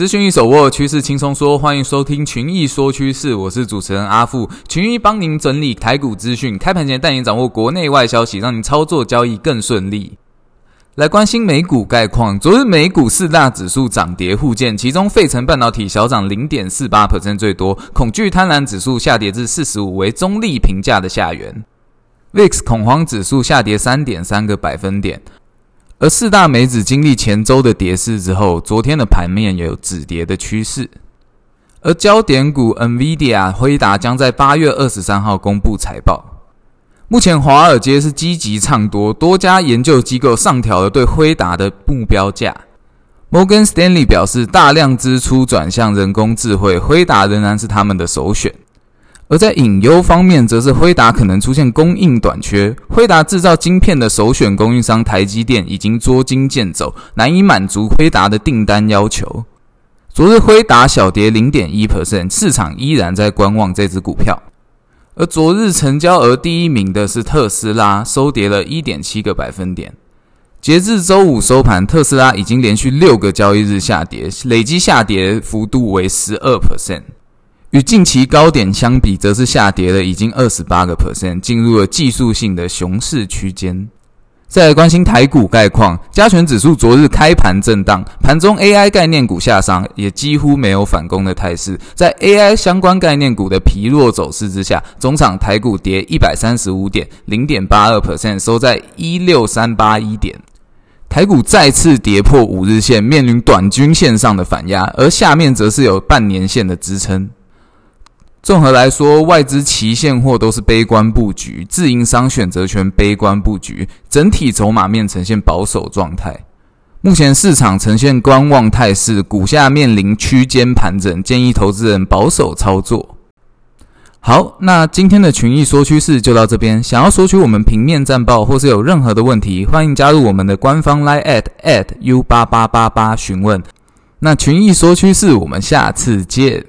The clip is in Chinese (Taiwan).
資訊一手握，趨勢輕鬆說。歡迎收聽群益說趨勢，我是主持人阿富。群益幫您整理台股資訊，開盤前帶您掌握國內外消息，讓您操作交易更順利。來關心美股概況，昨日美股四大指數漲跌互見，其中費城半導體小漲零點四八最多，恐懼貪婪指數下跌至四十五，為中立評價的下緣。VIX 恐慌指數下跌三點三個百分點。而四大美指經歷前周的跌勢之後，昨天的盤面也有止跌的趨勢。而焦點股 Nvidia 輝達將在八月二十三號公布財報。目前華爾街是積極唱多，多家研究機構上調了對輝達的目標價。摩根斯坦利表示，大量支出轉向人工智慧，輝達仍然是他們的首選。而在隱憂方面，則是輝達可能出現供應短缺。輝達製造晶片的首選供應商台積電已經捉襟見肘，難以滿足輝達的訂單要求。昨日輝達小跌零點一 percent，市場依然在觀望這只股票。而昨日成交額第一名的是特斯拉，收跌了一點七個百分點。截至周五收盤，特斯拉已經連續六個交易日下跌，累計下跌幅度為十二 percent。與近期高點相比，則是下跌了已經二十八個 percent，進入了技術性的熊市區間。再來關心台股概況，加權指數昨日開盤震盪，盤中 AI 概念股下殺，也幾乎沒有反攻的態勢。在 AI 相關概念股的疲弱走勢之下，終場台股跌一百三十五點，零點八二 percent，收在一六三八一點。台股再次跌破五日線，面臨短均線上的反壓，而下面則是有半年線的支撐。綜合來說，外資期現貨都是悲觀佈局，自營商選擇權悲觀佈局，整體籌碼面呈現保守狀態。目前市場呈現觀望態勢，股價面臨區間盤整，建議投資人保守操作。好，那今天的群益說趨勢就到這邊。想要索取我們平面戰報或是有任何的問題，歡迎加入我們的官方 Line at at u 八八八八詢問。那群益說趨勢，我們下次見。